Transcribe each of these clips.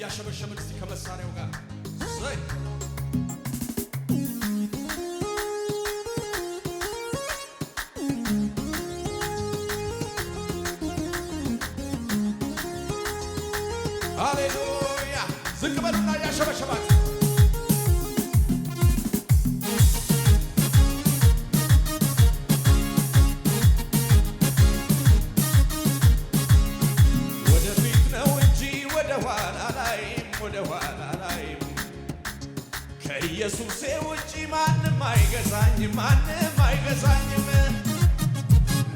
እያሸበሸብን እስቲ ከመሳሪያው ጋር ሃሌሉያ ከኢየሱሴ ውጪ ማንም አይገዛኝም፣ ማንም አይገዛኝም።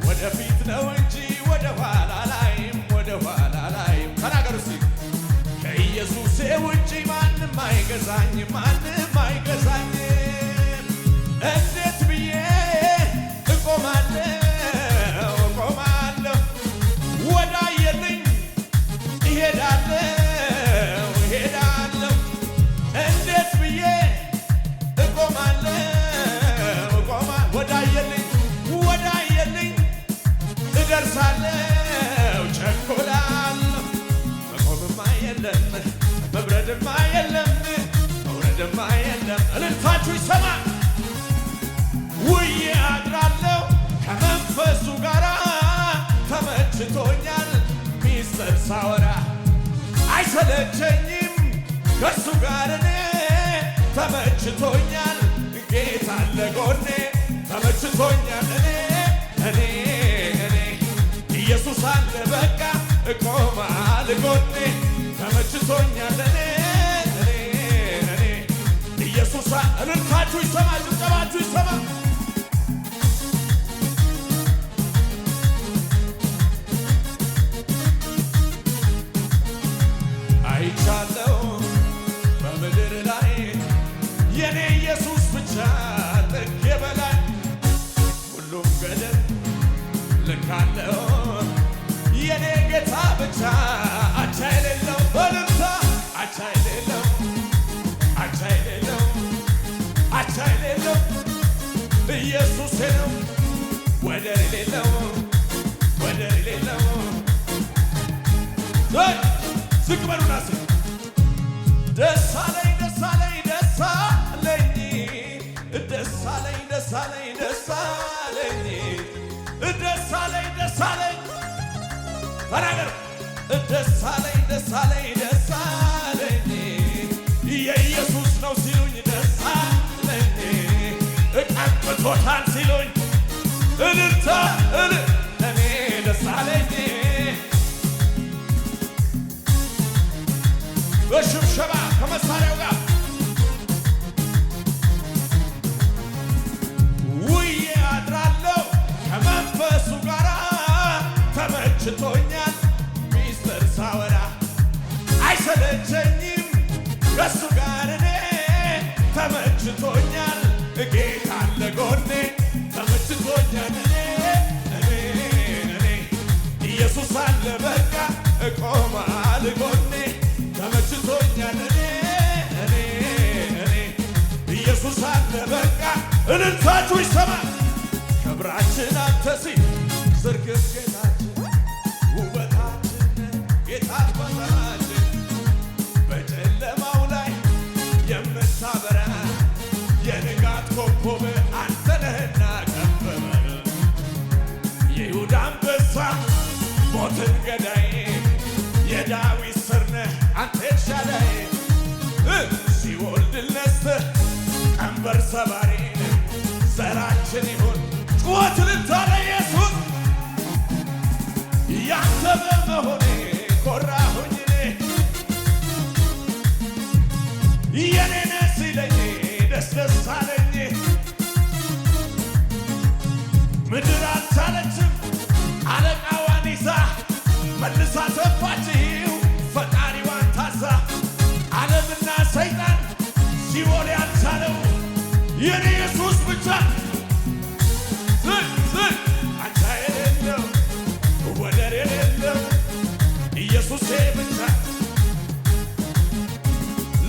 ወደፊት ነው እንጂ ወደ ኋላ የለም፣ መብረድማ የለም፣ መውረድማ የለም። እልልታችሁ ይሰማ። ውዬ አድራለሁ ከመንፈሱ ጋራ ተመችቶኛል። ሚስጥር ሳወራ አይሰለቸኝም ከእሱ ጋር እኔ ተመችቶኛል። ጌታ አለ ጎኔ ተመችቶኛል እኔ እኔ እኔ ኢየሱስ አለ በቃ እቆማል ጎኔ soñar. የለው አቻ የሌለው ወደር የሌለው ተናገር ነው ሲሉኝ ደስ አለኝ እቀብቶታል ሲሉኝ እልልታ እል እኔ ደስ አለኝ በሽብሸባ ከመሳሪያው ጋር ተመችቶኛል ጌታ ለጎኔ ተመችቶኛል እኔ እኔ ኢየሱስ አለ በቃ እቆማል ጎኔ ተመችቶኛል እኔ ኢየሱስ አለ በቃ እልልታችሁ ይሰማል ክብራችን አንተ ሲል ዝርግፍ የንጋት ኮከብ አንተነህና ቀበበ የይሁዳ አንበሳ ሞትን ገዳይ የዳዊት ስር አንተ ሻዳይ ሲኦል ድል ነስተህ ቀንበር ሰባሪ ዘራችን ይሁን ጩኸት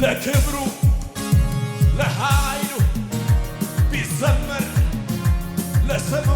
ለክብሩ ለኃይሉ ቢዘመር ለስሙ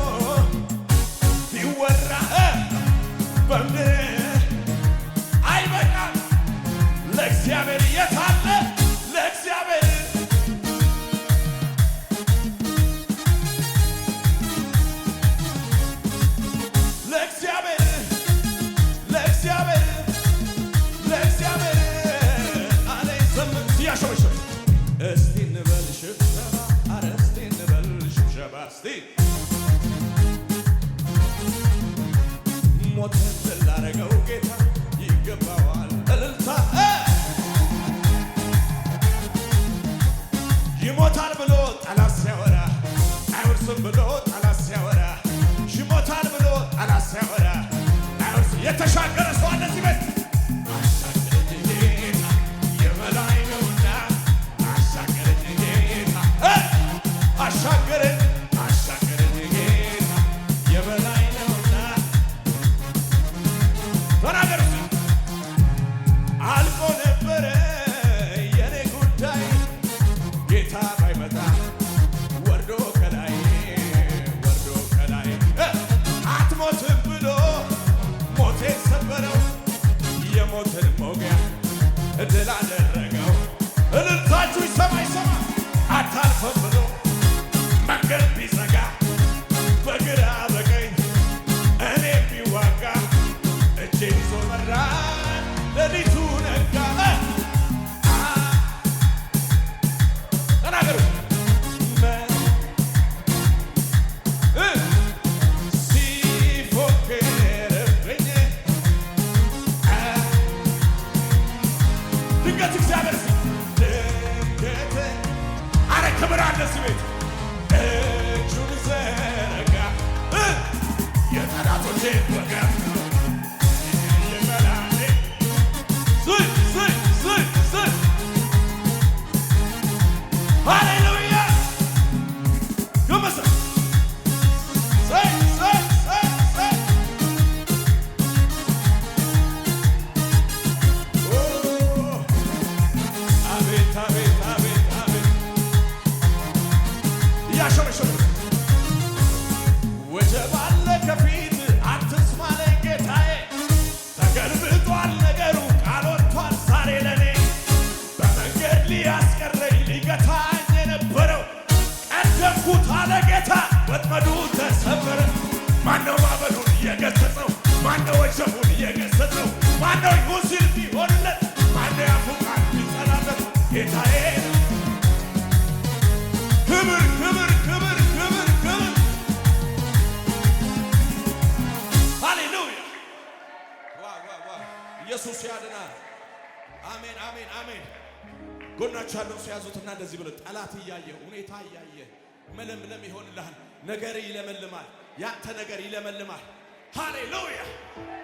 ሞትን ድል ጌታ ይገባዋል እልልታ። ይሞታል ብሎ ጠላት ሲያወራ አይወርስም ብሎ Look ኢየሱስ ያድናል። አሜን፣ አሜን፣ አሜን። ጎናችሁ ያለውን ሰው ያዙትና እንደዚህ ብሎ ጠላት እያየ ሁኔታ እያየ መለምለም ይሆንልሃል። ነገር ይለመልማል። ያንተ ነገር ይለመልማል። ሃሌሉያ